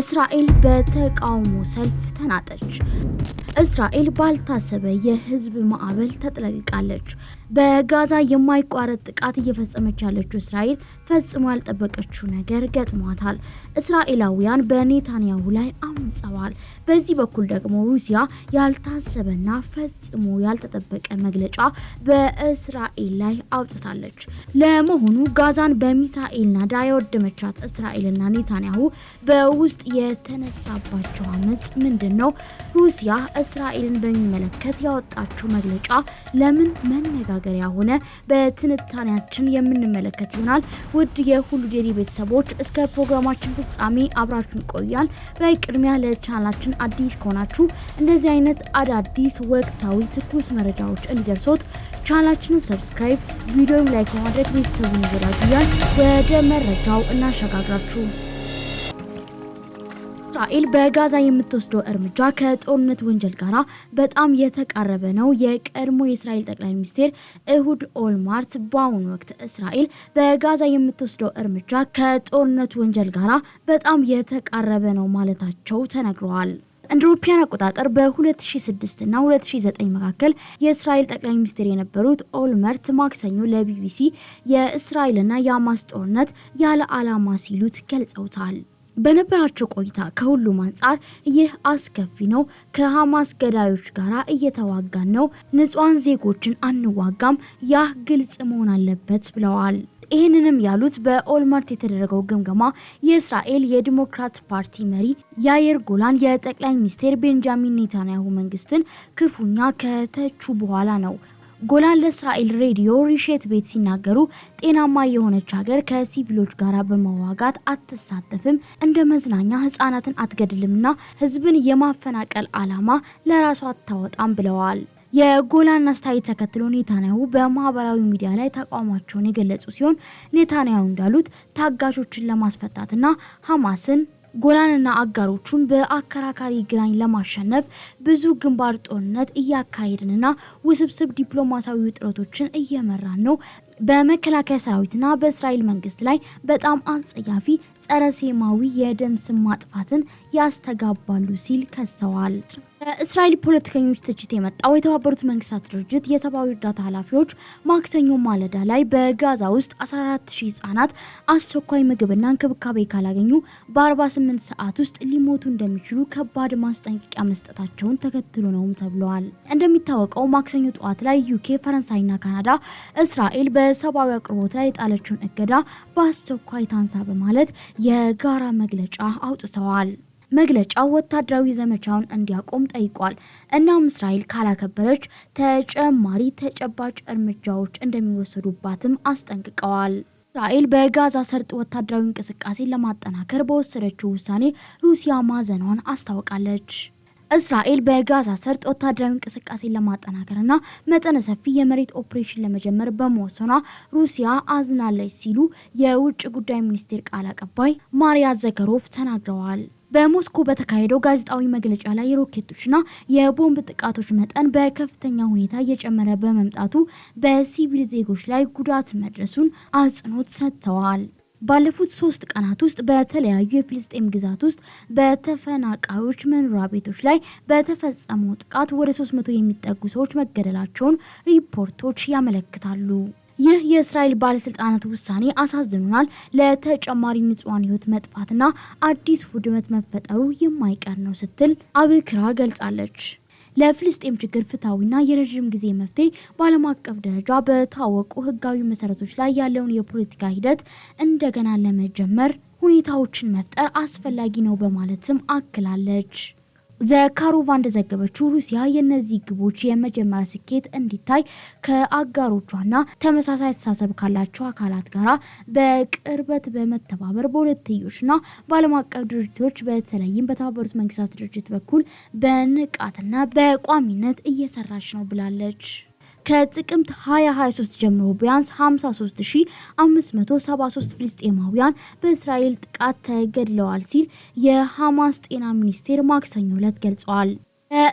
እስራኤል በተቃውሞ ሰልፍ ተናጠች። እስራኤል ባልታሰበ የህዝብ ማዕበል ተጥለቅቃለች። በጋዛ የማይቋረጥ ጥቃት እየፈጸመች ያለችው እስራኤል ፈጽሞ ያልጠበቀችው ነገር ገጥሟታል። እስራኤላውያን በኔታንያሁ ላይ አምፀዋል። በዚህ በኩል ደግሞ ሩሲያ ያልታሰበና ፈጽሞ ያልተጠበቀ መግለጫ በእስራኤል ላይ አውጥታለች። ለመሆኑ ጋዛን በሚሳኤልና ዳ የወደመቻት እስራኤልና ኔታንያሁ በውስጥ የተነሳባቸው አመፅ ምንድን ነው? ሩሲያ እስራኤልን በሚመለከት ያወጣችው መግለጫ ለምን መነጋገሪያ ሆነ? በትንታኔያችን የምንመለከት ይሆናል። ውድ የሁሉ ዴይሊ ቤተሰቦች እስከ ፕሮግራማችን ፍጻሜ አብራችን ቆያል። በቅድሚያ ለቻናላችን አዲስ ከሆናችሁ እንደዚህ አይነት አዳዲስ ወቅታዊ ትኩስ መረጃዎች እንዲደርሶት ቻናላችንን ሰብስክራይብ፣ ቪዲዮ ላይክ በማድረግ ቤተሰቡን ይዘላጁያል። ወደ መረጃው እናሸጋግራችሁ። እስራኤል በጋዛ የምትወስደው እርምጃ ከጦርነት ወንጀል ጋር በጣም የተቃረበ ነው። የቀድሞ የእስራኤል ጠቅላይ ሚኒስትር እሁድ ኦልማርት በአሁኑ ወቅት እስራኤል በጋዛ የምትወስደው እርምጃ ከጦርነት ወንጀል ጋር በጣም የተቃረበ ነው ማለታቸው ተነግረዋል። እንደ አውሮፓውያን አቆጣጠር በ2006 እና 2009 መካከል የእስራኤል ጠቅላይ ሚኒስትር የነበሩት ኦልመርት ማክሰኞ ለቢቢሲ የእስራኤልና የአማስ ጦርነት ያለ ዓላማ ሲሉት ገልጸውታል። በነበራቸው ቆይታ ከሁሉም አንጻር ይህ አስከፊ ነው። ከሐማስ ገዳዮች ጋር እየተዋጋን ነው፣ ንጹሐን ዜጎችን አንዋጋም። ያ ግልጽ መሆን አለበት ብለዋል። ይህንንም ያሉት በኦልማርት የተደረገው ግምገማ የእስራኤል የዲሞክራት ፓርቲ መሪ ያየር ጎላን የጠቅላይ ሚኒስትር ቤንጃሚን ኔታንያሁ መንግስትን ክፉኛ ከተቹ በኋላ ነው። ጎላን ለእስራኤል ሬዲዮ ሪሼት ቤት ሲናገሩ ጤናማ የሆነች ሀገር ከሲቪሎች ጋር በመዋጋት አትሳተፍም፣ እንደ መዝናኛ ህጻናትን አትገድልምና ህዝብን የማፈናቀል አላማ ለራሷ አታወጣም ብለዋል። የጎላን አስተያየት ተከትሎ ኔታንያሁ በማህበራዊ ሚዲያ ላይ ተቃውሟቸውን የገለጹ ሲሆን ኔታንያሁ እንዳሉት ታጋቾችን ለማስፈታትና ሀማስን ጎላንና አጋሮቹን በአከራካሪ ግራኝ ለማሸነፍ ብዙ ግንባር ጦርነት እያካሄድንና ውስብስብ ዲፕሎማሲያዊ ውጥረቶችን እየመራን ነው። በመከላከያ ሰራዊትና በእስራኤል መንግስት ላይ በጣም አጸያፊ ጸረ ሴማዊ የደም ስም ማጥፋትን ያስተጋባሉ ሲል ከሰዋል። የእስራኤል ፖለቲከኞች ትችት የመጣው የተባበሩት መንግስታት ድርጅት የሰብአዊ እርዳታ ኃላፊዎች ማክሰኞ ማለዳ ላይ በጋዛ ውስጥ 140 ህጻናት አስቸኳይ ምግብና እንክብካቤ ካላገኙ በ48 ሰዓት ውስጥ ሊሞቱ እንደሚችሉ ከባድ ማስጠንቀቂያ መስጠታቸውን ተከትሎ ነውም ተብለዋል። እንደሚታወቀው ማክሰኞ ጠዋት ላይ ዩኬ፣ ፈረንሳይና ካናዳ እስራኤል በሰብአዊ አቅርቦት ላይ የጣለችውን እገዳ በአስቸኳይ ታንሳ በማለት የጋራ መግለጫ አውጥተዋል። መግለጫው ወታደራዊ ዘመቻውን እንዲያቆም ጠይቋል። እናም እስራኤል ካላከበረች ተጨማሪ ተጨባጭ እርምጃዎች እንደሚወሰዱባትም አስጠንቅቀዋል። እስራኤል በጋዛ ሰርጥ ወታደራዊ እንቅስቃሴን ለማጠናከር በወሰደችው ውሳኔ ሩሲያ ማዘኗን አስታውቃለች። እስራኤል በጋዛ ሰርጥ ወታደራዊ እንቅስቃሴን ለማጠናከርና መጠነ ሰፊ የመሬት ኦፕሬሽን ለመጀመር በመወሰኗ ሩሲያ አዝናለች ሲሉ የውጭ ጉዳይ ሚኒስቴር ቃል አቀባይ ማሪያ ዘከሮቭ ተናግረዋል። በሞስኮ በተካሄደው ጋዜጣዊ መግለጫ ላይ የሮኬቶችና የቦምብ ጥቃቶች መጠን በከፍተኛ ሁኔታ እየጨመረ በመምጣቱ በሲቪል ዜጎች ላይ ጉዳት መድረሱን አጽንኦት ሰጥተዋል። ባለፉት ሶስት ቀናት ውስጥ በተለያዩ የፍልስጤም ግዛት ውስጥ በተፈናቃዮች መኖሪያ ቤቶች ላይ በተፈጸመው ጥቃት ወደ 300 የሚጠጉ ሰዎች መገደላቸውን ሪፖርቶች ያመለክታሉ። ይህ የእስራኤል ባለስልጣናት ውሳኔ አሳዝኖናል፣ ለተጨማሪ ንጹሐን ህይወት መጥፋትና አዲስ ውድመት መፈጠሩ የማይቀር ነው ስትል አብክራ ገልጻለች። ለፍልስጤም ችግር ፍትሐዊና የረዥም ጊዜ መፍትሄ በዓለም አቀፍ ደረጃ በታወቁ ህጋዊ መሰረቶች ላይ ያለውን የፖለቲካ ሂደት እንደገና ለመጀመር ሁኔታዎችን መፍጠር አስፈላጊ ነው በማለትም አክላለች። ዘካሮቫ እንደዘገበችው ሩሲያ የእነዚህ ግቦች የመጀመሪያ ስኬት እንዲታይ ከአጋሮቿና ተመሳሳይ አስተሳሰብ ካላቸው አካላት ጋራ በቅርበት በመተባበር በሁለትዮሽና በዓለም አቀፍ ድርጅቶች በተለይም በተባበሩት መንግስታት ድርጅት በኩል በንቃትና በቋሚነት እየሰራች ነው ብላለች። ከጥቅምት 2023 ጀምሮ ቢያንስ 53573 ፍልስጤማውያን በእስራኤል ጥቃት ተገድለዋል ሲል የሐማስ ጤና ሚኒስቴር ማክሰኞ ዕለት ገልጸዋል።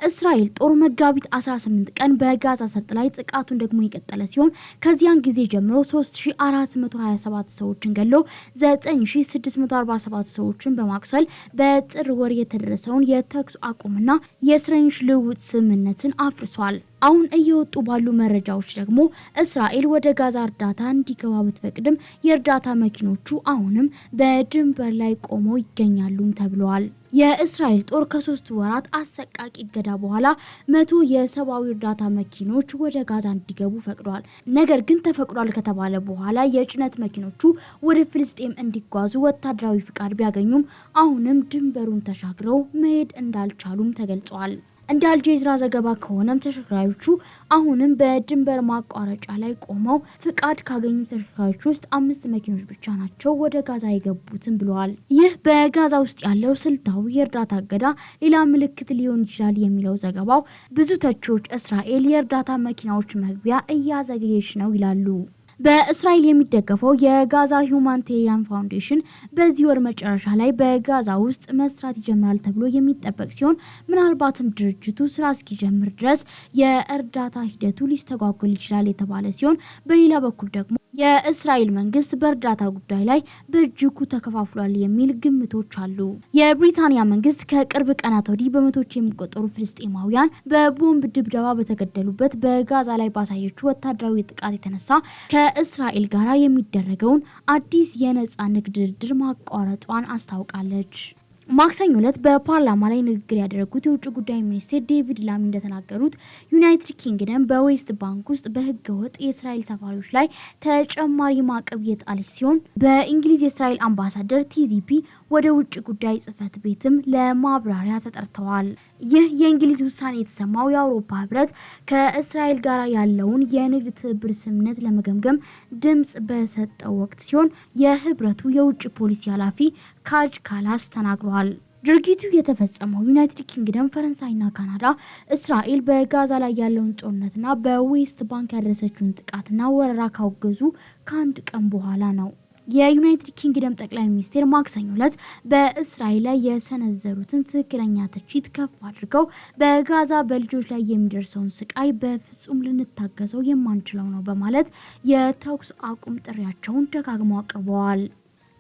እስራኤል ጦር መጋቢት 18 ቀን በጋዛ ሰርጥ ላይ ጥቃቱን ደግሞ የቀጠለ ሲሆን ከዚያን ጊዜ ጀምሮ 3427 ሰዎችን ገሎ 9647 ሰዎችን በማቁሰል በጥር ወር የተደረሰውን የተኩስ አቁምና የእስረኞች ልውውጥ ስምምነትን አፍርሷል። አሁን እየወጡ ባሉ መረጃዎች ደግሞ እስራኤል ወደ ጋዛ እርዳታ እንዲገባ ብትፈቅድም የእርዳታ መኪኖቹ አሁንም በድንበር ላይ ቆመው ይገኛሉም ተብለዋል። የእስራኤል ጦር ከሶስት ወራት አሰቃቂ እገዳ በኋላ መቶ የሰብአዊ እርዳታ መኪኖች ወደ ጋዛ እንዲገቡ ፈቅዷል። ነገር ግን ተፈቅዷል ከተባለ በኋላ የጭነት መኪኖቹ ወደ ፍልስጤም እንዲጓዙ ወታደራዊ ፍቃድ ቢያገኙም አሁንም ድንበሩን ተሻግረው መሄድ እንዳልቻሉም ተገልጿል። እንደ አልጄዝራ ዘገባ ከሆነም ተሽከርካሪዎቹ አሁንም በድንበር ማቋረጫ ላይ ቆመው ፍቃድ ካገኙ ተሽከርካሪዎች ውስጥ አምስት መኪኖች ብቻ ናቸው ወደ ጋዛ የገቡትም ብለዋል። ይህ በጋዛ ውስጥ ያለው ስልታዊ የእርዳታ እገዳ ሌላ ምልክት ሊሆን ይችላል የሚለው ዘገባው ብዙ ተቾች እስራኤል የእርዳታ መኪናዎች መግቢያ እያዘገየች ነው ይላሉ። በእስራኤል የሚደገፈው የጋዛ ሁማኒቴሪያን ፋውንዴሽን በዚህ ወር መጨረሻ ላይ በጋዛ ውስጥ መስራት ይጀምራል ተብሎ የሚጠበቅ ሲሆን ምናልባትም ድርጅቱ ስራ እስኪጀምር ድረስ የእርዳታ ሂደቱ ሊስተጓጎል ይችላል የተባለ ሲሆን በሌላ በኩል ደግሞ የእስራኤል መንግስት በእርዳታ ጉዳይ ላይ በእጅጉ ተከፋፍሏል የሚል ግምቶች አሉ። የብሪታንያ መንግስት ከቅርብ ቀናት ወዲህ በመቶች የሚቆጠሩ ፍልስጤማውያን በቦምብ ድብደባ በተገደሉበት በጋዛ ላይ ባሳየችው ወታደራዊ ጥቃት የተነሳ ከእስራኤል ጋር የሚደረገውን አዲስ የነጻ ንግድ ድርድር ማቋረጧን አስታውቃለች። ማክሰኞ ዕለት በፓርላማ ላይ ንግግር ያደረጉት የውጭ ጉዳይ ሚኒስቴር ዴቪድ ላሚ እንደተናገሩት ዩናይትድ ኪንግደም በዌስት ባንክ ውስጥ በህገ ወጥ የእስራኤል ሰፋሪዎች ላይ ተጨማሪ ማዕቀብ እየጣለች ሲሆን በእንግሊዝ የእስራኤል አምባሳደር ቲዚፒ ወደ ውጭ ጉዳይ ጽህፈት ቤትም ለማብራሪያ ተጠርተዋል። ይህ የእንግሊዝ ውሳኔ የተሰማው የአውሮፓ ህብረት ከእስራኤል ጋር ያለውን የንግድ ትብብር ስምምነት ለመገምገም ድምጽ በሰጠው ወቅት ሲሆን የህብረቱ የውጭ ፖሊሲ ኃላፊ ካጅ ካላስ ተናግረዋል። ድርጊቱ የተፈጸመው ዩናይትድ ኪንግደም፣ ፈረንሳይና ካናዳ እስራኤል በጋዛ ላይ ያለውን ጦርነትና በዌስት ባንክ ያደረሰችውን ጥቃትና ወረራ ካወገዙ ከአንድ ቀን በኋላ ነው። የዩናይትድ ኪንግደም ጠቅላይ ሚኒስቴር ማክሰኞ ዕለት በእስራኤል ላይ የሰነዘሩትን ትክክለኛ ትችት ከፍ አድርገው በጋዛ በልጆች ላይ የሚደርሰውን ስቃይ በፍጹም ልንታገሰው የማንችለው ነው በማለት የተኩስ አቁም ጥሪያቸውን ደጋግመው አቅርበዋል።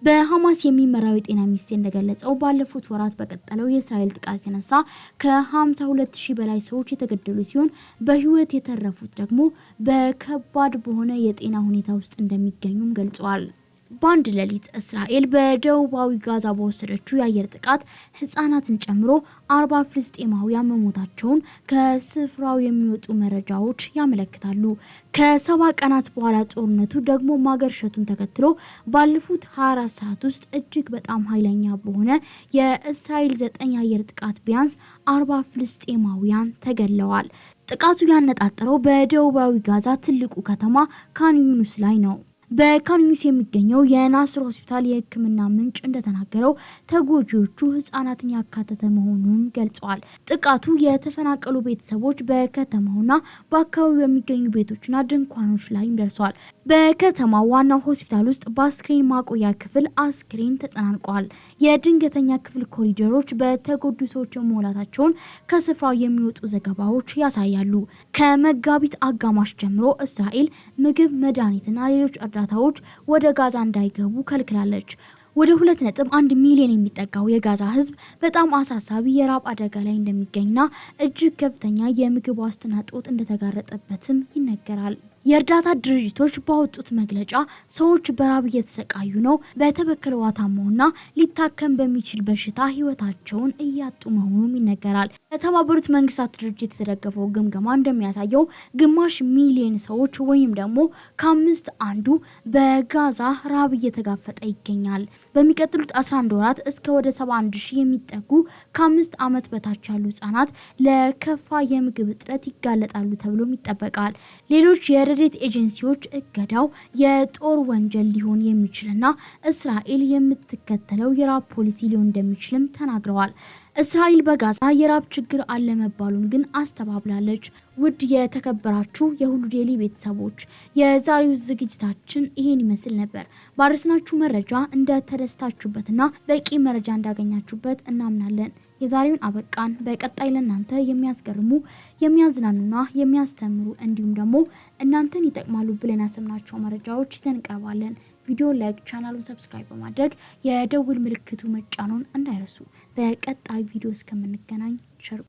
በሐማስ የሚመራው የጤና ሚኒስቴር እንደገለጸው ባለፉት ወራት በቀጠለው የእስራኤል ጥቃት የተነሳ ከ52 ሺህ በላይ ሰዎች የተገደሉ ሲሆን በህይወት የተረፉት ደግሞ በከባድ በሆነ የጤና ሁኔታ ውስጥ እንደሚገኙም ገልጿል። በአንድ ሌሊት እስራኤል በደቡባዊ ጋዛ በወሰደችው የአየር ጥቃት ህጻናትን ጨምሮ አርባ ፍልስጤማውያን መሞታቸውን ከስፍራው የሚወጡ መረጃዎች ያመለክታሉ። ከሰባ ቀናት በኋላ ጦርነቱ ደግሞ ማገርሸቱን ተከትሎ ባለፉት 24 ሰዓት ውስጥ እጅግ በጣም ኃይለኛ በሆነ የእስራኤል ዘጠኝ የአየር ጥቃት ቢያንስ አርባ ፍልስጤማውያን ተገለዋል። ጥቃቱ ያነጣጠረው በደቡባዊ ጋዛ ትልቁ ከተማ ካን ዩኑስ ላይ ነው። በካንዩኒስ የሚገኘው የናስር ሆስፒታል የሕክምና ምንጭ እንደተናገረው ተጎጂዎቹ ህጻናትን ያካተተ መሆኑን ገልጸዋል። ጥቃቱ የተፈናቀሉ ቤተሰቦች በከተማውና በአካባቢው የሚገኙ ቤቶችና ድንኳኖች ላይም ደርሰዋል። በከተማ ዋናው ሆስፒታል ውስጥ በአስክሬን ማቆያ ክፍል አስክሬን ተጨናንቀዋል። የድንገተኛ ክፍል ኮሪደሮች በተጎዱ ሰዎች መሞላታቸውን ከስፍራው የሚወጡ ዘገባዎች ያሳያሉ። ከመጋቢት አጋማሽ ጀምሮ እስራኤል ምግብ፣ መድኃኒትና ሌሎች እርዳታዎች ወደ ጋዛ እንዳይገቡ ከልክላለች። ወደ 2.1 ሚሊዮን የሚጠጋው የጋዛ ህዝብ በጣም አሳሳቢ የራብ አደጋ ላይ እንደሚገኝና እጅግ ከፍተኛ የምግብ ዋስትና ጦት እንደተጋረጠበትም ይነገራል። የእርዳታ ድርጅቶች ባወጡት መግለጫ ሰዎች በራብ እየተሰቃዩ ነው፣ በተበከለ ውሃ ታመውና ሊታከም በሚችል በሽታ ህይወታቸውን እያጡ መሆኑም ይነገራል። በተባበሩት መንግስታት ድርጅት የተደገፈው ግምገማ እንደሚያሳየው ግማሽ ሚሊዮን ሰዎች ወይም ደግሞ ከአምስት አንዱ በጋዛ ራብ እየተጋፈጠ ይገኛል። በሚቀጥሉት 11 ወራት እስከ ወደ 71 ሺህ የሚጠጉ ከአምስት ዓመት በታች ያሉ ህጻናት ለከፋ የምግብ እጥረት ይጋለጣሉ ተብሎም ይጠበቃል። ሌሎች በረዴት ኤጀንሲዎች እገዳው የጦር ወንጀል ሊሆን የሚችልና እስራኤል የምትከተለው የራብ ፖሊሲ ሊሆን እንደሚችልም ተናግረዋል። እስራኤል በጋዛ የራብ ችግር አለ መባሉን ግን አስተባብላለች። ውድ የተከበራችሁ የሁሉ ዴይሊ ቤተሰቦች የዛሬው ዝግጅታችን ይሄን ይመስል ነበር። ባረስናችሁ መረጃ እንደተደስታችሁበትና በቂ መረጃ እንዳገኛችሁበት እናምናለን። የዛሬውን አበቃን። በቀጣይ ለእናንተ የሚያስገርሙ የሚያዝናኑና የሚያስተምሩ እንዲሁም ደግሞ እናንተን ይጠቅማሉ ብለን ያሰብናቸው መረጃዎች ይዘን እንቀርባለን። ቪዲዮ ላይክ፣ ቻናሉን ሰብስክራይብ በማድረግ የደውል ምልክቱ መጫኑን እንዳይረሱ። በቀጣይ ቪዲዮ እስከምንገናኝ ቸር